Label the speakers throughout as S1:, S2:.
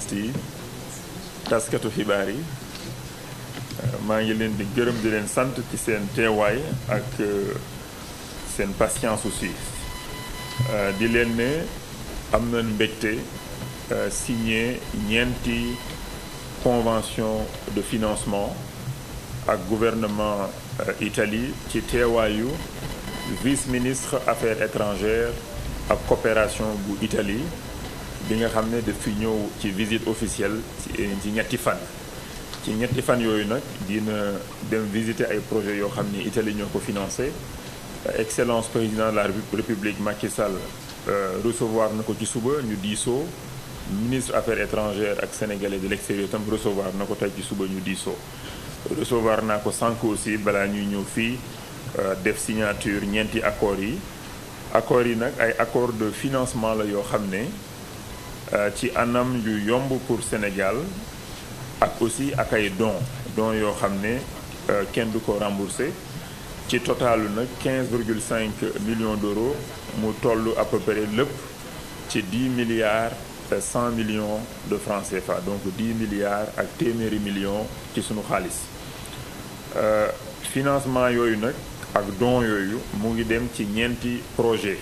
S1: journaliste yi taskatu xibaar yi euh, maa ngi leen di gërëm di leen sant ci seen teewaay ak euh, seen patience aussi euh, di leen ne am na signé ñeenti convention de financement ak gouvernement Italie ci teewaayu vice-ministre affaires étrangères ak coopération bu Italie bi nga xamné ne ci visite officielle eh, ci ñetti fan ci ñetti fan yooyu nag dina dem visiter ay projet yo xamné Italie ñoko financer excellence président de la république Macky Sall euh, recevoir nako ci suba ñu ministre affaires étrangères ak sénégalais de l'extérieur tam recevoir nako tay ci suba ñu recevoir nako ko aussi bala ñuy fi euh, def signature ñenti accords yi accords yi nak ay accord de financement la yo xamné euh, ci anam yu yomb pour Sénégal ak aussi ak don don yo xamné euh, kenn ko remboursé ci total nak 15,5 millions d'euros mu tollu à peu près 10 milliards 100 euh, millions de francs CFA donc 10 milliards ak 10 millions ci sunu xaalis financement yoyu une ak don yoyu mu ngi dem ci projet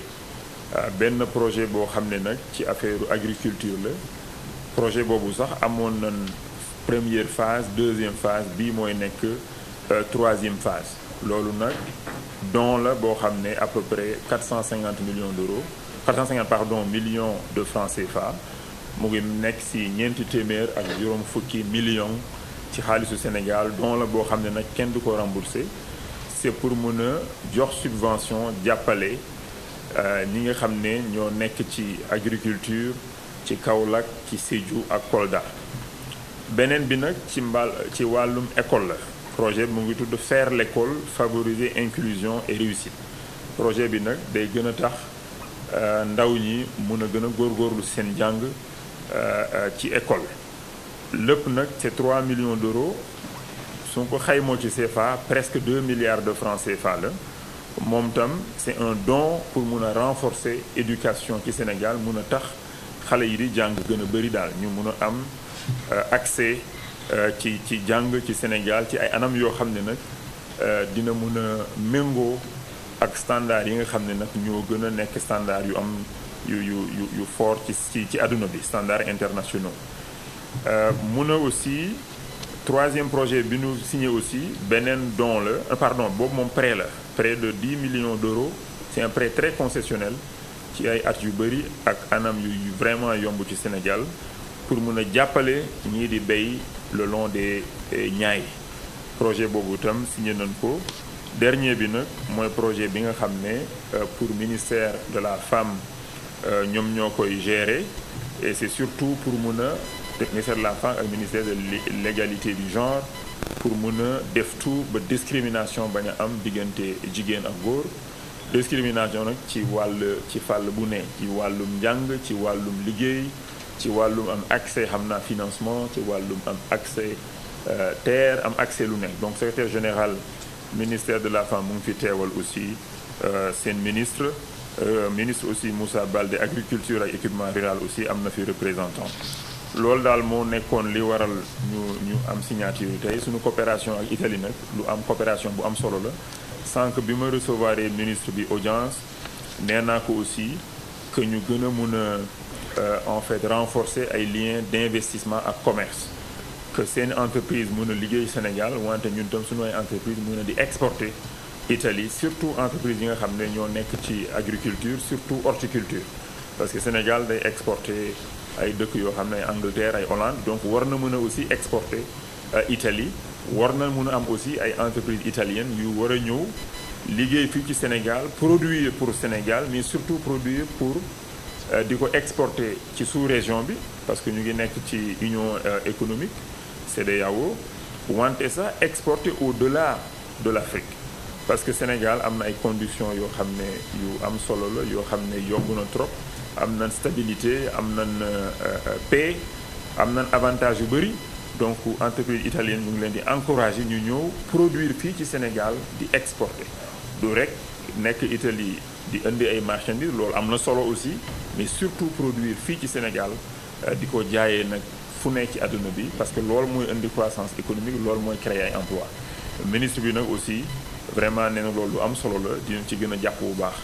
S1: euh, benn projet boo xam ne nag ci affaire agriculture la projet boobu sax amoon nañ première phase deuxième phase bii mooy nekk euh, troisième phase loolu nag don la boo xam ne à peu près 450 millions d'euros 450 pardon millions de francs CFA mu ngi nekk si ñeenti téeméer ak juróom fukki millions ci xaalisu Sénégal don la boo xam ne nag kenn du ko remboursé c'est pour mën a jox subvention jàppale euh, ñi nga xam ne ñoo nekk ci agriculture ci Kaolack ci Sédhiou ak Kolda beneen bi nag ci mbal ci wàllum école la projet mu ngi tudd faire l'école favoriser inclusion et réussite projet bi nag day gën a tax euh, ndaw ñi mun a gën a góorgóorlu seen jàng euh, ci école lépp nag c'est 3 millions d'euros Son ko xaymoo ci CFA presque 2 milliards de francs CFA la momtam c'est un don pour mon renforcer éducation qui Sénégal Mon tax xalé yi di jang gëna a bëri ñu mëna am euh, accès euh, ci ci jang ci Sénégal ci ay anam yo xamné nak euh, dina mëna a ak standard yi nga xamné nak nag ñoo gën standard yu am yu yu yu fort ci ci aduna bi standard internationaux euh mëna aussi troisième projet bi ñu signé aussi benen don le, pardon Bob mon prêt la près de 10 millions d'euros c'est un prêt très concessionnel qui est à anam vraiment à ci Sénégal pour nous appeler jàppale le long des Niayes projet Bogotam, signé non dernier bi mon projet bien nga euh, pour le ministère de la femme qui est géré, et c'est surtout pour nous ministère de la femme le ministère de l'égalité du genre pour mun def tout ba discrimination bañ am diggante jigen ak góor discrimination nak ci wal ci fàll bu ne ci wàllum njàng ci wàllum liguey ci wàllum am accès hamna financement ci wàllum am accès euh, terre am accès lu donc secrétaire général ministère de la femme mu fi teewal aussi euh, seen ministre euh, ministre aussi Moussa Balde, agriculture et équipement rural aussi amna fi représentant loolu dal mo nekkoon li waral ñu ñu am signature yi tey suñu coopération ak Italie nag lu am coopération bu am solo la que bi ma recevoir ministre bi audience nee naa aussi que ñu gën euh, en fait renforcer ay liens d'investissement ak commerce que une entreprise mun a au Sénégal wante une entreprise qui a di exporter Italie surtout entreprise qui nga xam ñoo nekk ci agriculture surtout horticulture parce que Sénégal day exporter ay dëkk yoo xam ne Angleterre ay Hollande donc war na mën a aussi exporter euh, Italie war na mën am aussi ay entreprise italienne. yu war a ñëw liggéey ci Sénégal produire pour Sénégal mais surtout produire pour euh, di exporter ci sous-région bi parce que ñu ngi nekk ci union euh, économique CEDEAO wante ça, exporter au-delà de l'Afrique parce que Sénégal a na ay conditions yoo xam ne yu am solo la yoo xam ne na trop am nañ stabilité am nañ euh, euh, paix am nañ avantage yu bëri donc entreprise italienne mu ngi leen di encourager ñu ñëw produire fii ci Sénégal di exporter du rek nekk Italie di indi ay marchandises loolu am na solo aussi mais surtout produire fii ci Sénégal euh, di ko jaayee nag fu ne ci àdduna bi parce que loolu mooy indi croissance économique loolu mooy créer ay emploi ministre bi nag aussi vraiment nee na loolu lu am solo la dinañ ci gën a jàpp bu baax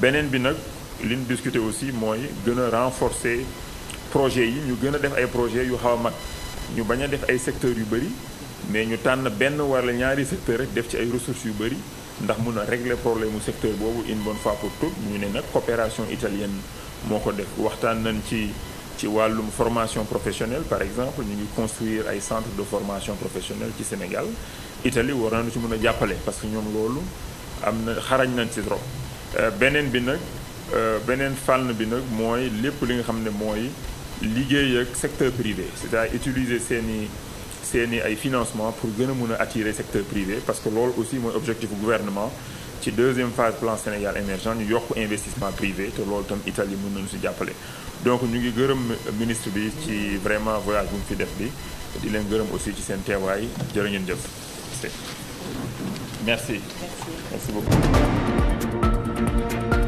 S1: beneen bi nag li ñu discuter aussi moy gëna renforcer projet yi ñu gëna def ay projet yu xaw a ñu baña def ay secteur yu bari mais ñu tànn benn wala ñaari secteur rek def ci ay ressources yu bari ndax mëna régler problème secteur bobu une bonne fois pour toutes ñu né nak coopération italienne moko ko def waxtaan nañ ci ci walum formation professionnelle par exemple ñu ngi construire ay centre de formation professionnelle ci Sénégal Italie war nañu ci mëna jappalé parce que ñom lolu amna xarañ nañ ci trop euh, benen bi nak euh, benen fànn bi nak moy lepp li nga moy liguey secteur privé c'est-à-dire utiliser ces financements ay financement pour attirer le attirer secteur privé parce que c'est aussi mon objectif gouvernement ci deuxième phase plan Sénégal émergent ñu yokk investissement privé te lool tam Italie mëna nous si jàppale donc ñu ngi un ministre bi ci vraiment voyage bu fi def bi di leen gëreum aussi ci sen téway jërë jëf merci merci beaucoup